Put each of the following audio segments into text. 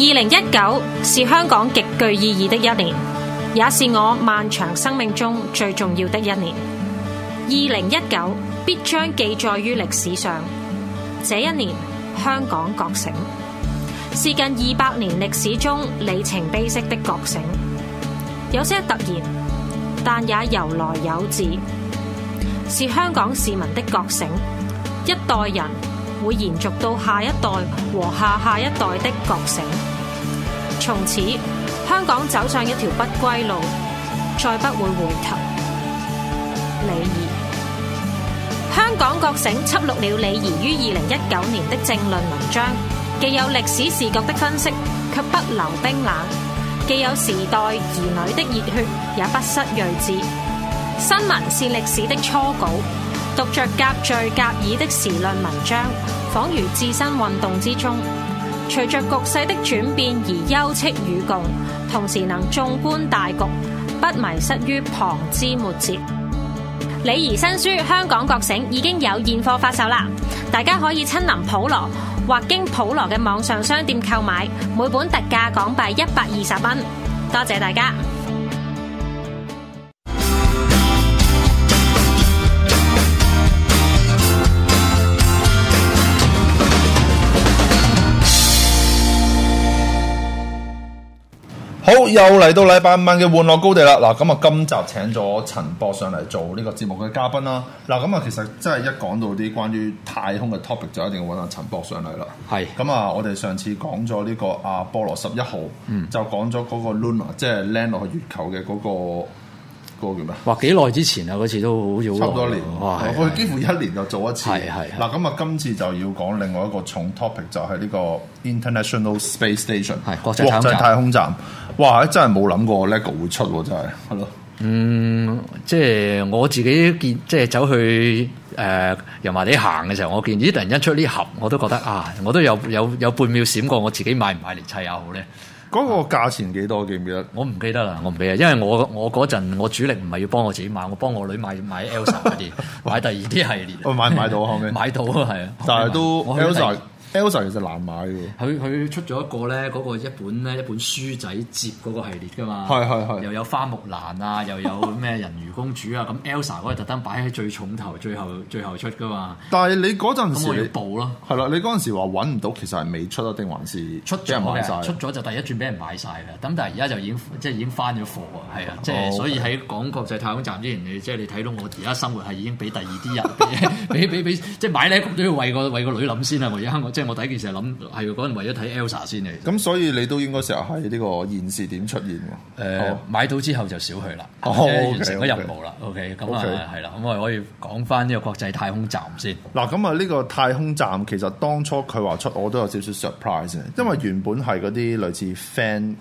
二零一九是香港極具意義的一年，也是我漫長生命中最重要的一年。二零一九必將記載於歷史上。這一年，香港覺醒，是近二百年歷史中里程碑式的覺醒。有些突然，但也由來有自，是香港市民的覺醒，一代人。會延續到下一代和下下一代的覺醒，從此香港走上一條不歸路，再不會回頭。李怡，香港覺醒輯錄了李怡於二零一九年的政論文章，既有歷史視角的分析，却不留冰冷；既有時代兒女的熱血，也不失睿智。新聞是歷史的初稿。讀着夾敘夾議的時論文章，仿如置身運動之中，隨着局勢的轉變而休戚與共，同時能縱觀大局，不迷失於旁枝末節。李怡新書《香港覺醒》已經有現貨發售啦，大家可以親臨普羅或經普羅嘅網上商店購買，每本特價港幣一百二十蚊。多謝大家。好，又嚟到禮拜五晚嘅玩樂高地啦！嗱，咁啊，今集請咗陳博上嚟做呢個節目嘅嘉賓啦。嗱，咁啊，其實真係一講到啲關於太空嘅 topic，就一定要搵阿陳博上嚟啦。係。咁啊，我哋上次講咗呢個阿波羅十一號，嗯、就講咗嗰個 Luna，即係 land 落去月球嘅嗰個，嗰個叫咩話？哇，幾耐之前啊？嗰次都好似好多年。哇，我哋幾乎一年就做一次。係係。嗱，咁啊，今次就要講另外一個重 topic，就係呢個 International Space Station，係國際太空站。哇！真係冇諗過 LEGO 會出真係，係咯，嗯，即係我自己見，即係走去誒、呃、油麻地行嘅時候，我見咦突然間出呢盒，我都覺得啊，我都有有有半秒閃過，我自己買唔買嚟砌又好咧。嗰個價錢幾多記唔記得？我唔記得啦，我唔記得，因為我我嗰陣我主力唔係要幫我自己買，我幫我女買買 Elsa 嗰啲，買， 買第二啲系列。哦， 買唔買到，後尾買到啊，係啊，但係是都 Elsa。L Elsa 其實難買嘅。佢佢出咗一個咧，嗰、嗰個一本咧一本書仔接嗰個系列噶嘛，係係係，又有花木蘭啊，又有咩人魚公主啊，咁 Elsa 嗰個特登擺喺最重頭，最後最後出噶嘛。但係你嗰陣時你，咁報咯，係啦，你嗰陣時話揾唔到，其實係未出啊定還是買 okay，出咗嘅，出咗就第一轉俾人買晒啦。咁 但係而家就已經即係已經翻咗貨啊，係啊，即係、oh、所以喺講國際太空站之前， 即你即係你睇到我而家生活係已經俾第二啲人， 俾俾俾即係買呢幅都要為個為個女諗先啊，為咗我。即係我第一件事係諗，係嗰陣為咗睇 Elsa 先嚟。咁所以你都應該成日喺呢個現時點出現喎。誒、呃，oh. 買到之後就少去啦，oh, okay, 完成咗任務啦。OK，咁啊，係啦，咁我哋可以講返呢個國際太空站先。嗱，咁啊，呢個太空站其實當初佢話出，我都有少少 surprise 嘅，因為原本係嗰啲類似 fan。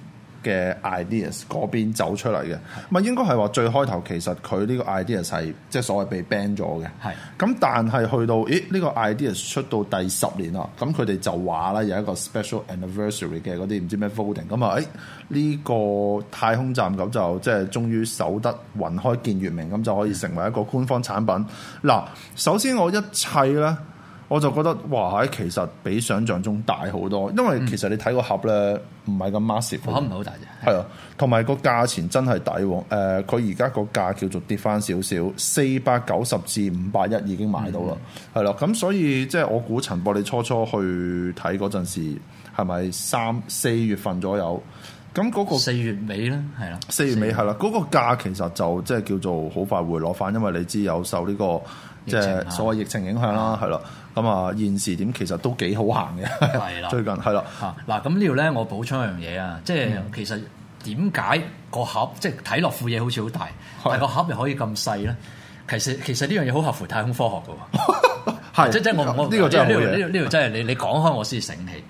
嘅 ideas 嗰邊走出嚟嘅，咪是應該係話最開頭其實佢呢個 ideas 係即係、就是、所謂被 ban 咗嘅。係咁是，但係去到，咦呢、這個 ideas 出到第十年啦，咁佢哋就話啦，有一個 special anniversary 嘅嗰啲唔知咩 voting 咁啊，誒、欸、呢、這個太空站咁就即係終於守得雲開見月明，咁就可以成為一個官方產品嗱。首先我一切咧。我就覺得哇！喺其實比想象中大好多，因為其實你睇個盒咧，唔係咁 massive。盒唔係好大啫。係啊的，同埋個價錢真係抵喎。誒，佢而家個價叫做跌翻少少，四百九十至五百一已經買到啦。係啦、嗯哼，咁所以即係我估陳博，你初初去睇嗰陣時係咪三四月份左右？咁嗰、那個四月尾啦，係啦，四月尾係啦，嗰、那個價其實就即係叫做好快回落翻，因為你知有受呢、這個即係所謂疫情影響啦，係啦。咁啊，現時點其實都幾好行嘅，的 最近係啦。嗱，咁、啊、呢度咧，我補充一樣嘢啊，即係、嗯、其實點解個盒即係睇落副嘢好似好大，是的 但係個盒又可以咁細咧？其實其實呢樣嘢好合乎太空科學㗎喎。係 的，即即我我呢個真係呢個呢個真係你你講開我先醒起，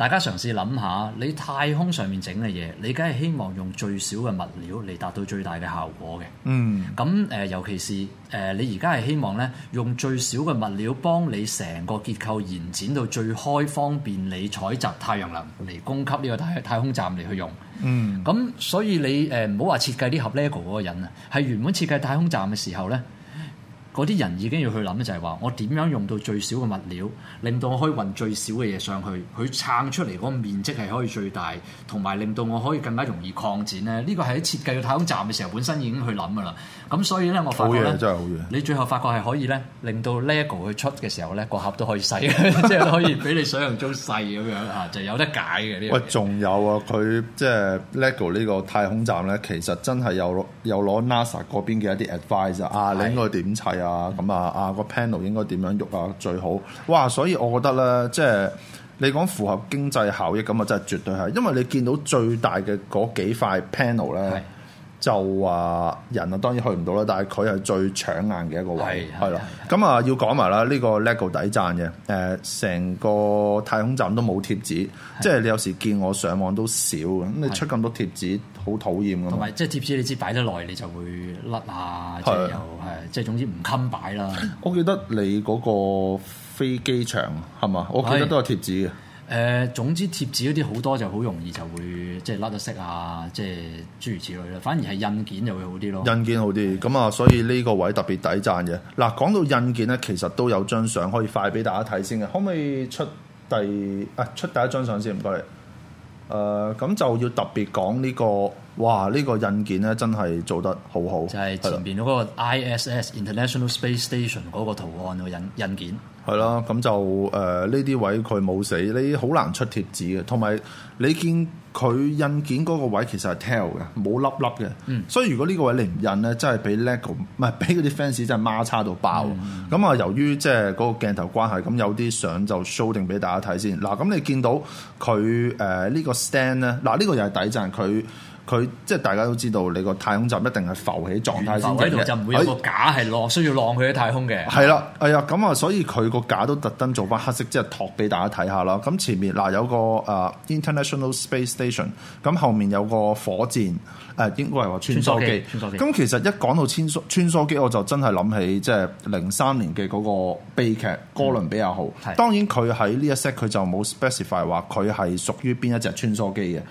大家嘗試諗下，你太空上面整嘅嘢，你梗係希望用最少嘅物料嚟達到最大嘅效果嘅。嗯。咁誒，尤其是誒，你而家係希望咧用最少嘅物料幫你成個結構延展到最開，方便你採集太陽能嚟供給呢個太太空站嚟去用。嗯。咁所以你誒唔好話設計呢盒 LEGO 嗰個人啊，係原本設計太空站嘅時候咧。嗰啲人已經要去諗咧，就係話我點樣用到最少嘅物料，令到我可以運最少嘅嘢上去，佢撐出嚟嗰個面積係可以最大，同埋令到我可以更加容易擴展咧。呢個係喺設計個太空站嘅時候本身已經去諗噶啦。咁所以咧，我發覺咧，好嘢，真係好嘢，你最後發覺係可以咧，令到 Lego 去出嘅時候咧，個盒都可以細，即係 可以比你想象中細咁樣啊，就有得解嘅呢樣。喂、這個，仲有啊，佢即係 Lego 呢個太空站咧，其實真係有有攞 NASA 嗰邊嘅一啲 advice 啊，你應該點砌？啊，咁啊，啊個 panel 應該點樣喐啊最好？哇，所以我覺得咧，即係你講符合經濟效益咁啊，真係絕對係，因為你見到最大嘅嗰幾塊 panel 咧。就話人啊，當然去唔到啦，但係佢係最搶眼嘅一個位，係啦。咁啊，要講埋啦，呢的個 LEGO 抵讚嘅。誒、呃，成個太空站都冇貼紙，的即係你有時見我上網都少，咁你出咁多貼紙，好討厭㗎嘛。同埋，即、就、係、是、貼紙，你知擺得耐你就會甩啊的，就又誒，即係總之唔襟擺啦。我記得你嗰個飛機場係嘛？我記得都有貼紙嘅。誒、呃、總之貼紙嗰啲好多就好容易就會即係甩咗色啊，即係諸如此類啦。反而係印件就會好啲咯。印件好啲，咁的啊，所以呢個位特別抵贊嘅。嗱、啊，講到印件咧，其實都有張相可以快俾大家睇先嘅。可唔可以出第啊出第一張相先？唔該你。誒、啊，咁就要特別講呢、這個。哇！呢個印件咧真係做得好好，就係前邊嗰個 ISS（International Space Station） 嗰個圖案個印印件。係啦，咁就誒呢啲位佢冇死，你好難出貼紙嘅。同埋你見佢印件嗰個位其實係 tile 嘅，冇粒粒嘅。嗯，所以如果呢個位你唔印咧，真係俾 LEGO 唔係俾嗰啲 fans 真係孖叉到爆。咁啊，由於即係嗰個鏡頭關係，咁有啲相就 show 定俾大家睇先。嗱，咁你見到佢誒呢個 stand 咧，嗱呢個又係抵讚佢。佢即係大家都知道，你個太空站一定係浮起狀態先嘅。就唔會有個架係落，係需要晾佢喺太空嘅。係啦，係啊，咁啊，所以佢個架都特登做翻黑色，即係托俾大家睇下啦。咁前面嗱、呃、有個誒、呃、International Space Station，咁後面有個火箭誒、呃，應該係話穿梭機。穿梭機。咁其實一講到穿梭穿梭機，我就真係諗起即係零三年嘅嗰個悲劇哥倫比亞號。係、嗯。當然佢喺呢一 set 佢就冇 specify 話佢係屬於邊一隻穿梭機嘅。咁、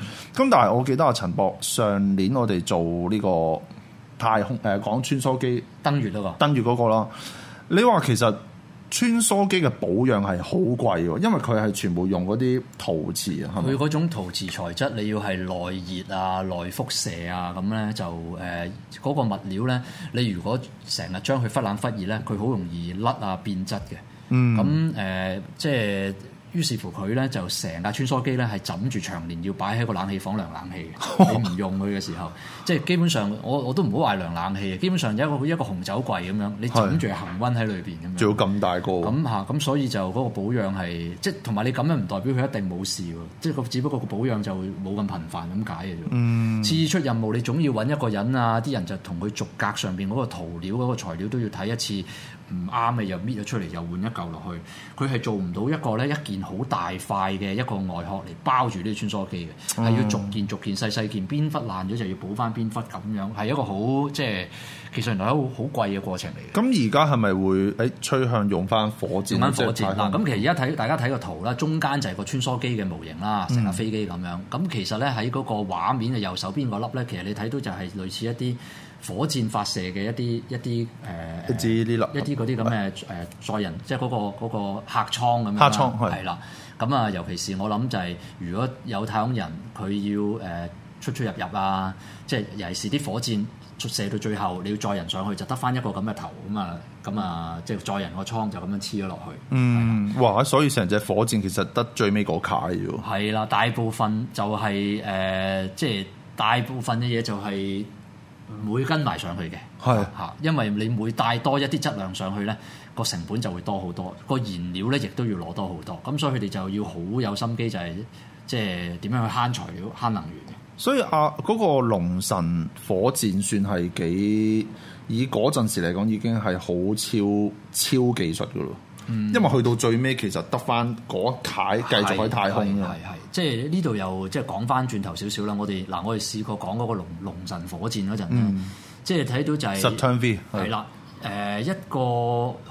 嗯、但係我記得阿陳博。上年我哋做呢個太空誒講、呃、穿梭機登月嗰、那個登月嗰、那個啦，你話其實穿梭機嘅保養係好貴喎，因為佢係全部用嗰啲陶瓷啊，佢嗰種陶瓷材質你要係耐熱啊、耐輻射啊，咁咧就誒嗰、呃那個物料咧，你如果成日將佢忽冷忽熱咧，佢好容易甩啊變質嘅，嗯，咁誒、呃、即係。於是乎佢咧就成架穿梭機咧係枕住長年要擺喺個冷氣房涼冷，冷氣，你唔用佢嘅時候， 即係基本上我我都唔好話涼冷氣，基本上有一個一個紅酒櫃咁樣，你枕住恒温喺裏邊咁樣。仲要咁大個？咁嚇，咁所以就嗰個保養係即係同埋你咁樣唔代表佢一定冇事喎，即係佢只不過個保養就會冇咁頻繁咁解嘅啫。嗯，次出任務你總要揾一個人啊，啲人就同佢逐格上邊嗰個塗料嗰個材料都要睇一次。唔啱嘅又搣咗出嚟，又換一嚿落去。佢係做唔到一個咧一件好大塊嘅一個外殼嚟包住呢啲穿梭機嘅，係、嗯、要逐件逐件細細件，邊忽爛咗就要補翻邊忽咁樣，係一個好即係其實原來一個好貴嘅過程嚟嘅。咁而家係咪會誒趨向用翻火箭即係啊？咁其實而家睇大家睇個圖啦，中間就係個穿梭機嘅模型啦，成架飛機咁樣。咁其實咧喺嗰個畫面嘅右手邊嗰粒咧，其實你睇到就係類似一啲火箭發射嘅一啲一啲誒。一啲嗰啲咁嘅誒載人，呃呃呃呃、即係嗰、那個嗰、呃、個客艙咁樣，客艙，係啦。咁啊，尤其是我諗就係、是，如果有太空人佢要誒、呃、出出入入啊，即係尤其是啲火箭出射到最後，你要載人上去就得翻一個咁嘅頭咁啊，咁啊，即係載人個艙就咁樣黐咗落去。嗯，嗯哇！所以成隻火箭其實得最尾嗰卡嘅係啦，大部分就係、是、誒，即、呃、係、就是、大部分嘅嘢就係、是。唔會跟埋上去嘅，嚇，因為你每帶多一啲質量上去咧，個成本就會多好多，個燃料咧亦都要攞多好多，咁所以佢哋就要好有心機，就係即係點樣去慳材料、慳能源。所以啊，嗰個龍神火箭算係幾，以嗰陣時嚟講已經係好超超技術噶咯。嗯，因為去到最尾其實得返嗰一塊繼續喺太空咯，係即係呢度又即係講返轉頭少少啦。我哋嗱，我哋試過講嗰個龍，龍神火箭嗰陣、嗯、即係睇到就係、係，係啦，誒、呃、一個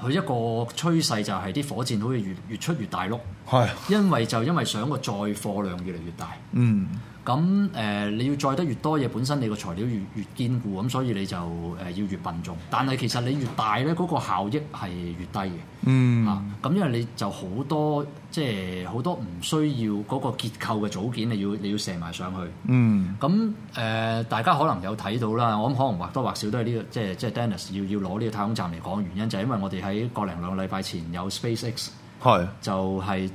佢一個趨勢就係啲火箭好似越越出越大碌，係是，因為就因為想個載貨量越嚟越大，嗯。咁誒，你要載得越多嘢，本身你個材料越越堅固，咁所以你就誒要越笨重。但係其實你越大咧，嗰個效益係越低嘅。嗯，啊，咁因為你就好多即係好多唔需要嗰個結構嘅組件，你要你要射埋上去。嗯，咁誒，大家可能有睇到啦。我諗可能或多或少都係呢個，即係即係 Dennis 要要攞呢個太空站嚟講，原因就係因為我哋喺個零兩個禮拜前有 SpaceX 係就係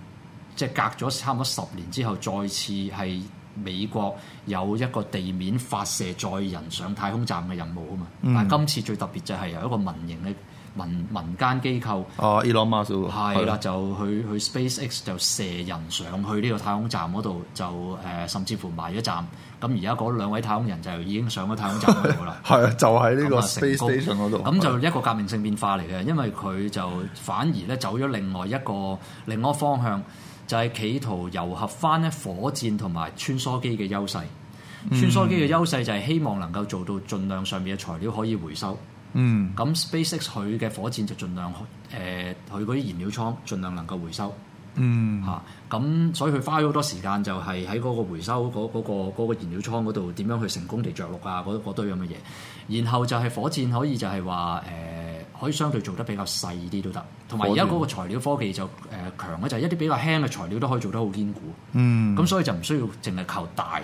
即係隔咗差唔多十年之後再次係。美國有一個地面發射載人上太空站嘅任務啊嘛，嗯、但今次最特別就係有一個民營嘅民民間機構，啊，伊隆馬斯，係啦的，就去去 SpaceX 就射人上去呢個太空站嗰度，就誒、呃、甚至乎埋咗站，咁而家嗰兩位太空人就已經上咗太空站嗰度啦，係啊， 就喺呢個 SpaceX 嗰度，咁就一個革命性變化嚟嘅，的因為佢就反而咧走咗另外一個另外一個,另外一個方向。就係企圖糅合翻咧火箭同埋穿梭機嘅優勢，嗯、穿梭機嘅優勢就係希望能夠做到盡量上面嘅材料可以回收。嗯，咁 SpaceX 佢嘅火箭就盡量誒佢嗰啲燃料倉盡量能夠回收。嗯，嚇、啊，咁所以佢花咗好多時間就係喺嗰個回收嗰嗰個燃料倉嗰度點樣去成功地着陸啊，嗰堆咁嘅嘢，然後就係火箭可以就係話誒。呃可以相對做得比較細啲都得，同埋而家嗰個材料科技就誒強咧，就係一啲比較輕嘅材料都可以做得好堅固。嗯，咁所以就唔需要淨係求大，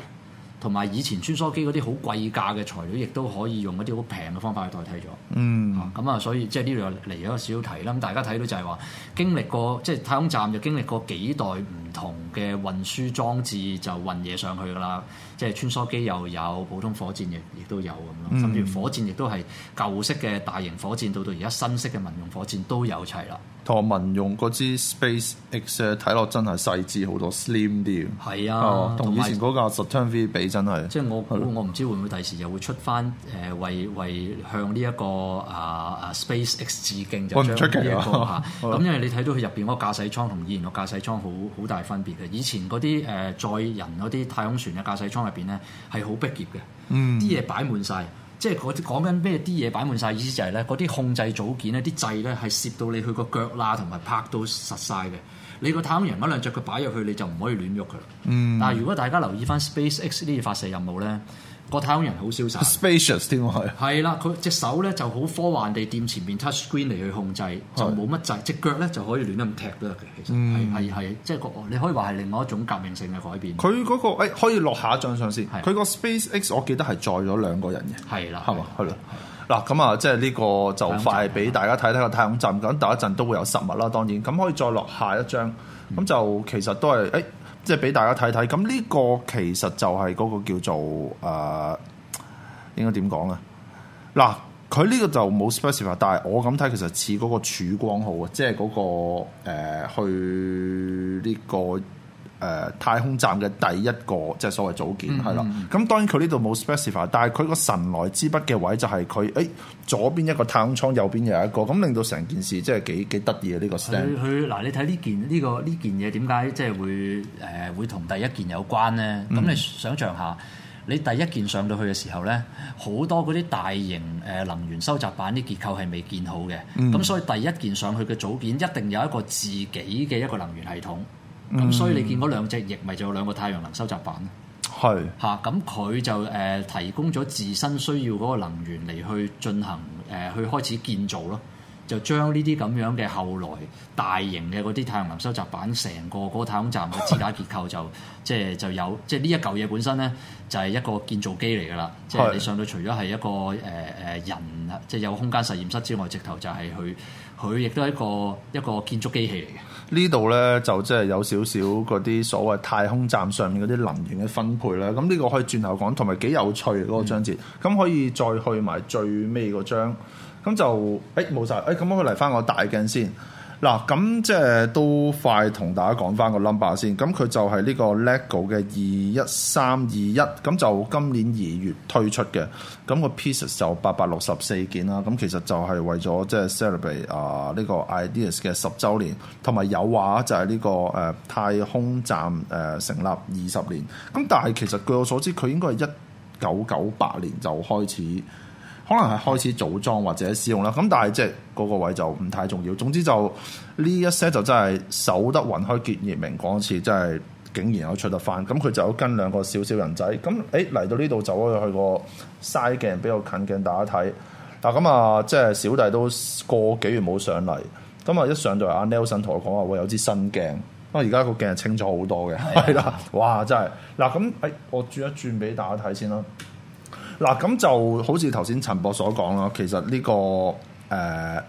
同埋以前穿梭機嗰啲好貴價嘅材料，亦都可以用一啲好平嘅方法去代替咗。嗯，咁啊，所以即係呢度又嚟咗個小提啦。咁大家睇到就係話經歷過即係太空站就經歷過幾代唔同嘅運輸裝置就運嘢上去㗎啦。即係穿梭機又有，有，普通火箭亦亦都有咁樣。甚至火箭亦都係舊式嘅大型火箭，嗯、到到而家新式嘅民用火箭都有齊啦。同埋民用嗰支 SpaceX 睇落真係細緻好多，Slim 啲。係啊，同以前嗰架 Saturn V 比真係。即係我估我唔知會唔會第時又會出翻誒的為為向呢、這、一個啊啊、uh, SpaceX 致敬，嗯、就將呢一個咁奇 因為你睇到佢入邊嗰個駕駛艙同以前個駕駛艙好好大分別嘅。以前嗰啲誒載人嗰啲太空船嘅駕駛艙入邊咧係好逼狹嘅，啲嘢、嗯、擺滿晒，即係我講緊咩？啲嘢擺滿晒意思就係咧，嗰啲控制組件咧，啲掣咧係攝到你去個腳啦，同埋拍到實晒嘅。你個太空人嗰兩隻腳擺入去，你就唔可以亂喐佢。嗯，但係如果大家留意翻 SpaceX 呢啲發射任務咧。個太空人好瀟灑，spacious 添喎係。係啦，佢隻手咧就好科幻地掂前面 touch screen 嚟去控制，就冇乜掣。隻腳咧就可以亂咁踢都得嘅。其實係係係，即係個你可以話係另外一種革命性嘅改變。佢嗰個可以落下一張相先。佢個 SpaceX 我記得係載咗兩個人嘅。係啦，係嘛，係啦。嗱，咁啊，即係呢個就快俾大家睇睇個太空站。咁第一陣都會有實物啦，當然。咁可以再落下一張。咁就其實都係誒。即係俾大家睇睇，咁呢個其實就係嗰個叫做誒、呃，應該點講啊？嗱，佢呢個就冇 specific，但係我咁睇，其實似嗰個曙光號啊，即係嗰個去呢個。呃誒、呃、太空站嘅第一個即係所謂組件係啦，咁、嗯、當然佢呢度冇 specify，但係佢個神來之筆嘅位就係佢誒左邊一個太空艙，右邊又有一個，咁令到成件事即係幾幾得意嘅呢個 stand 佢嗱，你睇呢件呢、呢個呢件嘢點解即係會誒、呃、會同第一件有關咧？咁、嗯、你想象下，你第一件上到去嘅時候咧，好多嗰啲大型誒能源收集板啲結構係未建好嘅，咁、嗯、所以第一件上去嘅組件一定有一個自己嘅一個能源系統。咁、嗯、所以你見嗰兩隻翼咪就有兩個太陽能收集板咧，係吓，咁佢就誒、呃、提供咗自身需要嗰個能源嚟去進行誒、呃、去開始建造咯，就將呢啲咁樣嘅後來大型嘅嗰啲太陽能收集板成個嗰個太空站嘅支架結構就即係 就，就有即係呢一嚿嘢本身咧就係、是、一個建造機嚟㗎啦，即係是你上到除咗係一個誒誒、呃、人即係、就是、有空間實驗室之外，直頭就係佢佢亦都係一個一個建築機器嚟嘅。呢度咧就即係有少少嗰啲所謂太空站上面嗰啲能源嘅分配啦，咁呢個可以轉頭講，同埋幾有趣嗰個章節，咁、嗯、可以再去埋最尾嗰張，咁就誒冇晒。誒、欸、咁、欸、我嚟翻個大鏡先。嗱，咁、啊、即係都快同大家講翻個 number 先，咁佢就係呢個 LEGO 嘅二一三二一，咁就今年二月推出嘅，咁個 pieces 就八百六十四件啦，咁其實就係為咗即係 celebrate 啊呢、這個 ideas 嘅十周年，同埋有話就係呢、這個誒、呃、太空站誒、呃、成立二十年，咁但係其實據我所知，佢應該係一九九八年就開始。可能係開始組裝或者使用啦，咁但係即係嗰個位就唔太重要。總之就呢一 set 就真係守得雲開見月明。講一次真係竟然有出得翻，咁佢就跟兩個少少人仔，咁誒嚟到呢度就可以去個嘥鏡比較近鏡大家睇。嗱、啊、咁啊，即係小弟都個幾月冇上嚟，咁啊一上到嚟阿 Nelson 同我講話，喂有支新鏡，啊而家個鏡清楚好多嘅，係啦、啊，哇真係嗱咁誒，我轉一轉俾大家睇先啦。嗱，咁就好似頭先陳博所講啦，其實呢個誒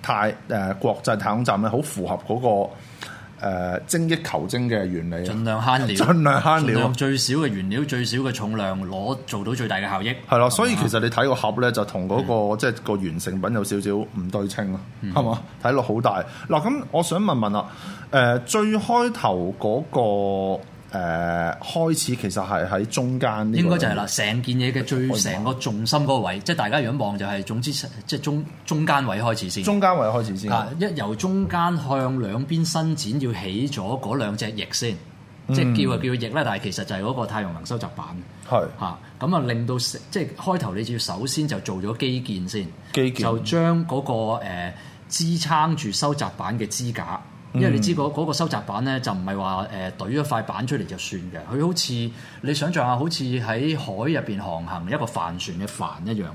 太誒國際太空站咧，好符合嗰個誒精益求精嘅原理，盡量慳料、嗯，盡量慳料，用最少嘅原料、最少嘅重量攞做到最大嘅效益。係咯，所以其實你睇個盒咧，係嘅，就同嗰個即係個完成品有少少唔對稱咯，係嘛、嗯？睇落好大。嗱，咁我想問問啦，誒最開頭嗰個。誒、呃、開始其實係喺中間呢個應該就係啦，成件嘢嘅最成、嗯、個重心嗰位，嗯、即係大家如果望就係、是、總之即係中中間位開始先。中間位開始先。啊，一、嗯、由中間向兩邊伸展，要起咗嗰兩隻翼先，嗯、即係叫就叫翼啦。但係其實就係嗰個太陽能收集板。係嚇咁啊，就令到即係開頭你就要首先就做咗基建先。基建就將嗰、那個、呃、支撐住收集板嘅支架。因為你知嗰個收集板咧，就唔係話誒懟一塊板出嚟就算嘅，佢好似你想像下，好似喺海入邊航行一個帆船嘅帆一樣。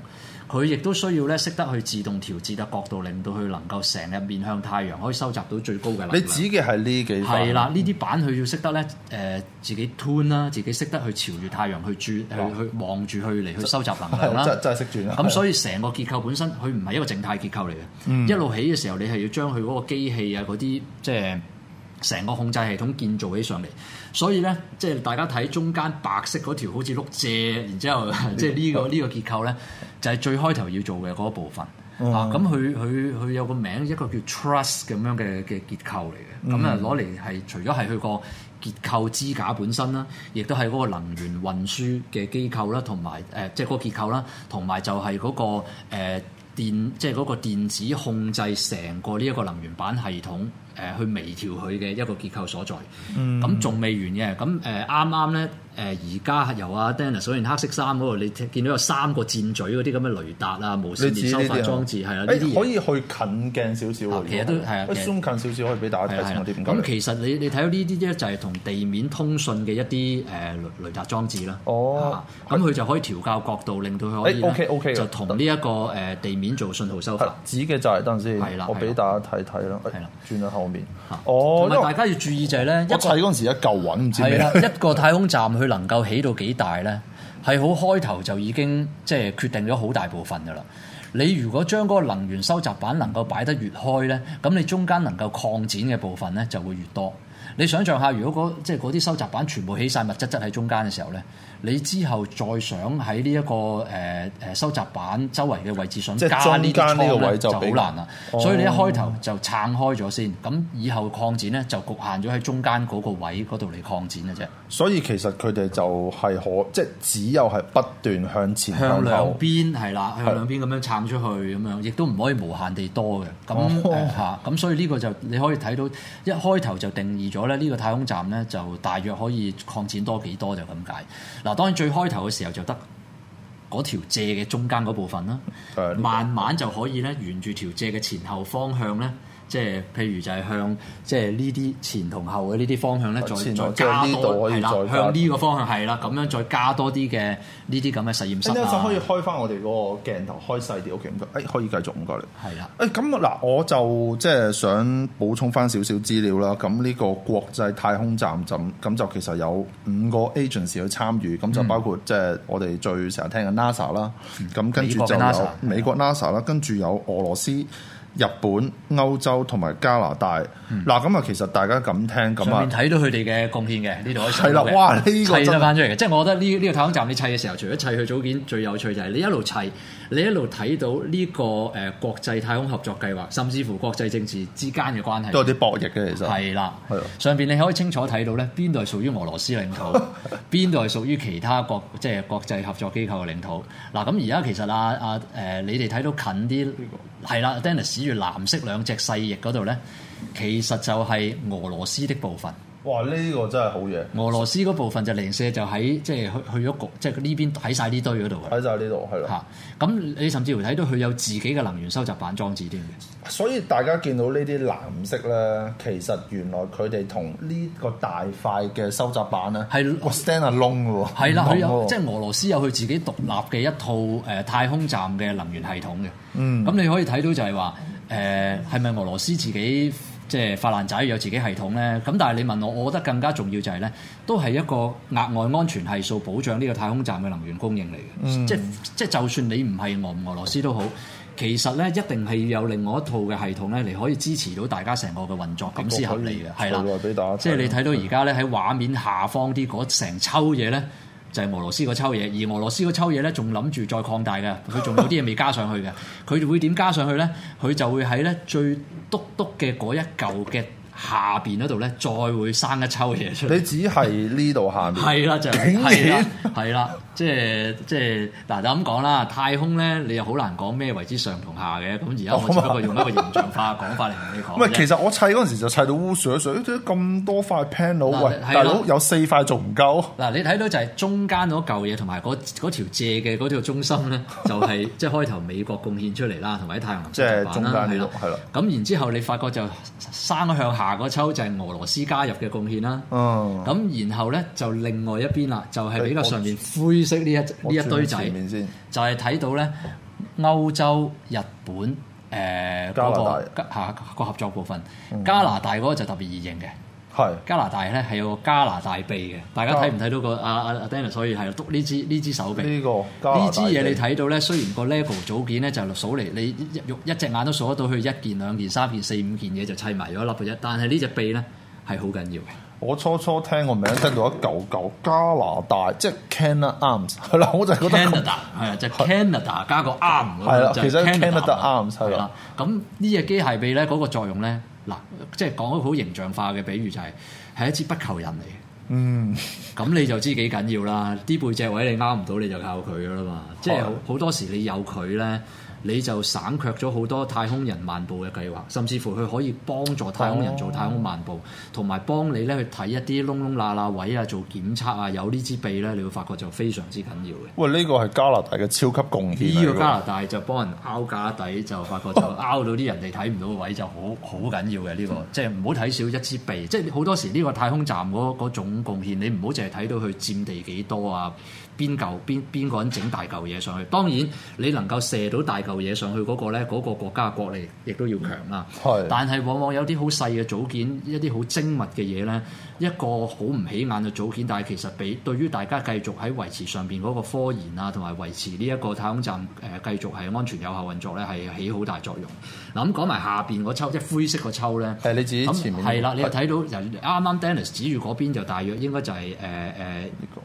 佢亦都需要咧，識得去自動調節個角度，令到佢能夠成日面向太陽，可以收集到最高嘅能量。你指嘅係呢幾塊？係啦，呢啲板佢要識得咧，誒自己 turn 啦，自己識得去朝住太陽去轉，去去望住去嚟去收集能量啦。真真係識轉啦！咁、嗯、所以成個結構本身，佢唔係一個靜態結構嚟嘅。嗯、一路起嘅時候，你係要將佢嗰個機器啊，嗰啲即係。成個控制系統建造起上嚟，所以咧，即係大家睇中間白色嗰條好似碌蔗，然之後即係呢個呢個結構咧，就係最開頭要做嘅嗰一部分啊。咁佢佢佢有個名，一個叫 Trust 咁樣嘅嘅結構嚟嘅。咁啊攞嚟係除咗係佢個結構支架本身啦，亦都係嗰個能源運輸嘅機構啦，同埋誒即係嗰個結構啦，同埋就係嗰個誒電即係嗰個電子控制成個呢一個能源板系統。誒，去微調佢嘅一個結構所在，嗯，咁仲未完嘅，咁誒，啱啱咧。剛剛誒，而家由阿 Dennis 所然，黑色衫嗰度你見到有三個箭嘴嗰啲咁嘅雷達啊，無線電收發裝置係啦，呢啲可以去近鏡少少喎。其實都係啊，Zoom 近少少可以俾大家睇下。咁其實你你睇到呢啲咧就係同地面通訊嘅一啲誒雷雷達裝置啦。哦，咁佢就可以調校角度，令到佢可以咧就同呢一個誒地面做信號收發。指嘅就係等陣先，我俾大家睇睇啦。係啦，轉到後面。哦，咁啊，大家要注意就係咧，我砌嗰陣時一嚿雲唔知一個太空站去。能夠起到幾大呢？係好開頭就已經即係決定咗好大部分噶啦。你如果將嗰個能源收集板能夠擺得越開呢，咁你中間能夠擴展嘅部分呢就會越多。你想象下，如果嗰即係啲收集板全部起晒密質質喺中間嘅時候呢。你之後再想喺呢一個誒誒、呃、收集板周圍嘅位置上即加中間 呢啲倉咧就好難啦，哦、所以你一開頭就撐開咗先，咁以後擴展咧就局限咗喺中間嗰個位嗰度嚟擴展嘅啫。所以其實佢哋就係可，即、就、係、是、只有係不斷向前向兩邊係啦，向兩邊咁是 樣撐出去咁樣，亦都唔可以無限地多嘅。咁嚇，咁、哦呃、所以呢個就你可以睇到一開頭就定義咗咧，呢個太空站咧就大約可以擴展多幾多就咁解。嗱，當然最開頭嘅時候就得嗰條借嘅中間嗰部分啦，嗯、慢慢就可以咧沿住條借嘅前後方向咧。即係譬如就係向即係呢啲前同後嘅呢啲方向咧，再再加多係再向呢個方向係啦，咁樣再加多啲嘅呢啲咁嘅實驗室。你有冇可以開翻我哋嗰個鏡頭開細啲？OK 唔該，哎可以繼續唔該你。係啦。哎咁嗱，我就即係想補充翻少少資料啦。咁呢個國際太空站就咁就其實有五個 agency 去參與，咁就包括即係我哋最成日聽嘅 NASA 啦。咁跟住就 NASA，美國 NASA 啦，跟住有俄羅斯，日本、歐洲同埋加拿大，嗱咁啊，其實大家敢聽咁啊？上面睇到佢哋嘅貢獻嘅呢度係，係啦，哇，呢個砌出翻出嚟嘅， 即係我覺得呢呢個太空站你砌嘅時候，除咗砌佢組件，最有趣就係你一路砌，你一路睇到呢個誒國際太空合作計劃，甚至乎國際政治之間嘅關係都有啲博弈嘅其實。係啦了，的上邊你可以清楚睇到咧，邊度係屬於俄羅斯領土，邊度係屬於其他國即係國際合作機構嘅領土。嗱咁而家其實啊啊誒，你哋睇到近啲。 係啦，Dennis 指住藍色兩隻細翼嗰度咧，其實就係俄羅斯的部分。哇！呢個真係好嘢。俄羅斯嗰部分就零舍就喺即係去去咗局，即係呢邊睇晒呢堆嗰度嘅。睇晒呢度，係啦。嚇！咁你甚至乎睇到佢有自己嘅能源收集板裝置添嘅。所以大家見到呢啲藍色咧，其實原來佢哋同呢個大塊嘅收集板咧係。係個 stand 係窿㗎喎。係啦，佢有即係俄羅斯有佢自己獨立嘅一套誒太空站嘅能源系統嘅。嗯。咁你可以睇到就係話誒，係咪俄羅斯自己？即係發爛仔有自己系統咧，咁但係你問我，我覺得更加重要就係咧，都係一個額外安全係數保障呢個太空站嘅能源供應嚟嘅。嗯、即即係就算你唔係俄俄羅斯都好，其實咧一定係有另外一套嘅系統咧你可以支持到大家成個嘅運作咁先合理嘅，係啦。即係你睇到而家咧喺畫面下方啲嗰成抽嘢咧。就係俄羅斯個抽嘢，而俄羅斯個抽嘢咧，仲諗住再擴大嘅，佢仲有啲嘢未加上去嘅，佢會點加上去咧？佢就會喺咧最篤篤嘅嗰一嚿嘅下邊嗰度咧，再會生一抽嘢出嚟。你只係呢度下面？係啦， 就係、係、啦，係啦然。即係即係嗱、啊、就咁講啦，太空咧你又好難講咩為之上同下嘅，咁而家我只不過用一個形象化嘅講法嚟同你講。喂， 其實我砌嗰陣時就砌到污水水，點解咁多塊 panel？啊、喂，大佬、啊、有四塊仲唔夠？嗱、啊，你睇到就係中間嗰嚿嘢同埋嗰嗰條斜嘅嗰條中心咧，就係、是、 即係開頭美國貢獻出嚟啦，同埋喺太陽。即係中間記錄，咁然之後你發覺就生向下嗰抽就係俄羅斯加入嘅貢獻啦。哦、嗯。咁然後咧就另外一邊啦，就係、是、比較上面灰。嗯、上面灰。識呢一呢一堆仔，就係睇到咧歐洲、日本、誒、呃、加、那個、下個合作部分。加拿大嗰個就特別易認嘅，係、嗯、加拿大咧係有個加拿大臂嘅，加 大家睇唔睇到個阿阿阿 Dennis？所以係篤呢支呢支手臂，個臂呢個呢支嘢你睇到咧。雖然個 LEGO 組件咧就係數嚟，你用一,一隻眼都數得到，佢一件兩件三件四，件四件五件嘢就砌埋咗一粒嘅啫。但係呢隻臂咧係好緊要嘅。我初初聽個名聽到一嚿嚿加拿大，即係 Canada Arms，係啦，我就係覺得 Canada 係啊，即、就、係、是、Canada 的加個 arm 咯的，係啦，其實 Canada Arms 係啦。咁呢隻機械臂咧，嗰個作用咧，嗱，即係講一個好形象化嘅比喻就係、是，係一支不求人嚟嘅。嗯，咁你就知幾緊要啦。啲背脊位你拗唔到，你就靠佢啦嘛。即係好多時你有佢咧。你就省卻咗好多太空人漫步嘅計劃，甚至乎佢可以幫助太空人做太空漫步，同埋、oh. 幫你咧去睇一啲窿窿罅罅位啊，做檢測啊，有呢支臂咧，你會發覺就非常之緊要嘅。喂，呢、呢個係加拿大嘅超級貢獻。呢個加拿大就幫人拗架底，就發覺就拗到啲人哋睇唔到嘅位，就好好緊要嘅呢、呢個。即係唔好睇少一支臂，即係好多時呢個太空站嗰嗰種貢獻，你唔好淨係睇到佢佔地幾多啊。邊嚿邊邊個人整大嚿嘢上去？當然你能夠射到大嚿嘢上去嗰、嗰個咧，嗰、嗰個國家國力亦都要強啦。是的 但係往往有啲好細嘅組件，一啲好精密嘅嘢咧，一個好唔起眼嘅組件，但係其實俾對於大家繼續喺維持上邊嗰個科研啊，同埋維持呢一個太空站誒、呃、繼續係安全有效運作咧，係起好大作用。嗱、啊、咁講埋下邊嗰抽，即係灰色個抽咧。係你自己前面啦、嗰個嗯，你又睇到啱啱 Dennis 指住嗰邊就大約應該就係誒誒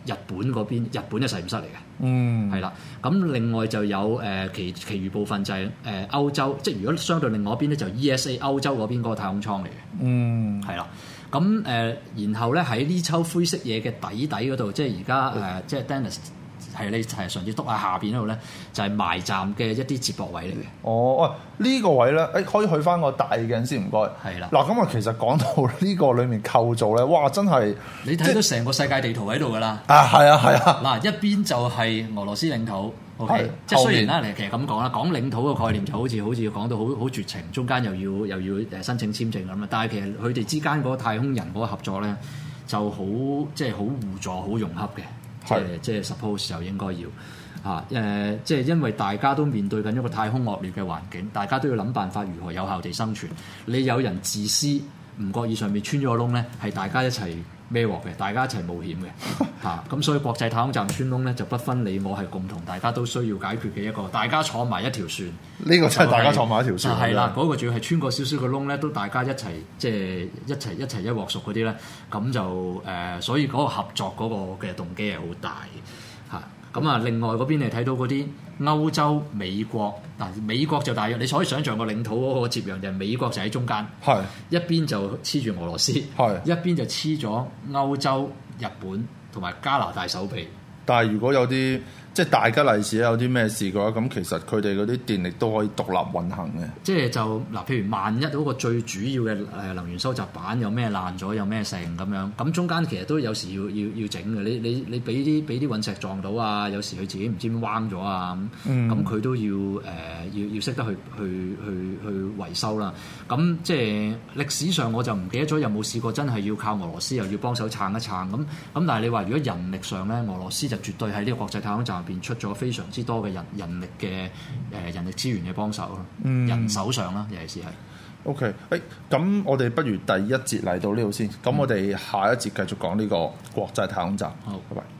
日本嗰邊日本嘅實驗室嚟嘅，嗯，係啦。咁另外就有誒、呃、其其餘部分就係、是、誒、呃、歐洲，即係如果相對另外一邊咧，就是、ESA 歐洲嗰邊嗰個太空艙嚟嘅，嗯，係啦。咁、呃、誒，然後咧喺呢抽灰色嘢嘅底底嗰度，即係而家誒，即係 Dennis。就是係你係上次督下下邊度咧，就係埋站嘅一啲接駁位嚟嘅。哦，喂，呢個位咧，誒可以去返個大鏡先，唔該。係啦，嗱，咁啊，其實講到呢個裡面構造咧，哇，真係你睇到成個世界地圖喺度㗎啦。啊，係啊，係啊。嗱，一邊就係俄羅斯領土，OK。即係雖然啦，其實咁講啦，講領土嘅概念就好似好似講到好好絕情，中間又要又要誒申請簽證咁啊。但係其實佢哋之間嗰太空人嗰合作咧，就好即係好互助、好融合嘅。即係即係 suppose 時候應該要嚇誒、呃，即係因為大家都面對緊一個太空惡劣嘅環境，大家都要諗辦法如何有效地生存。你有人自私唔覺意上面穿咗個窿咧，係大家一齊。孭鑊嘅，大家一齊冒險嘅嚇，咁、 啊、所以國際太空站穿窿咧就不分你我係共同，大家都需要解決嘅一個，大家坐埋一條船，呢個就係大家坐埋一條船，係啦，嗰個主要係穿過少少嘅窿咧，都大家一齊即係一齊一齊一鑊熟嗰啲咧，咁就誒、呃，所以嗰個合作嗰個嘅動機係好大嘅。咁啊，另外嗰邊你睇到嗰啲歐洲、美國嗱，但美國就大約你可以想像個領土嗰個接壤，就係美國就喺中間，是的 一邊就黐住俄羅斯，是的 一邊就黐咗歐洲、日本同埋加拿大手臂。但係如果有啲即係大吉利是有啲咩事嘅話，咁其實佢哋嗰啲電力都可以獨立運行嘅。即係就嗱，譬如萬一嗰個最主要嘅誒能源收集板有咩爛咗，有咩成咁樣，咁中間其實都有時要要要整嘅。你你你俾啲俾啲隕石撞到啊，有時佢自己唔知點彎咗啊，咁佢、嗯、都要誒、呃、要要識得去去去去維修啦。咁即係歷史上我就唔記得咗有冇試過真係要靠俄羅斯又要幫手撐一撐咁。咁但係你話如果人力上咧，俄羅斯就絕對係呢個國際太空站。入邊出咗非常之多嘅人人力嘅誒、呃、人力資源嘅幫手咯，嗯、人手上啦，尤其是係。OK，誒咁我哋不如第一節嚟到呢度先，咁我哋下一節繼續講呢個國際太空站。好、嗯，拜拜。的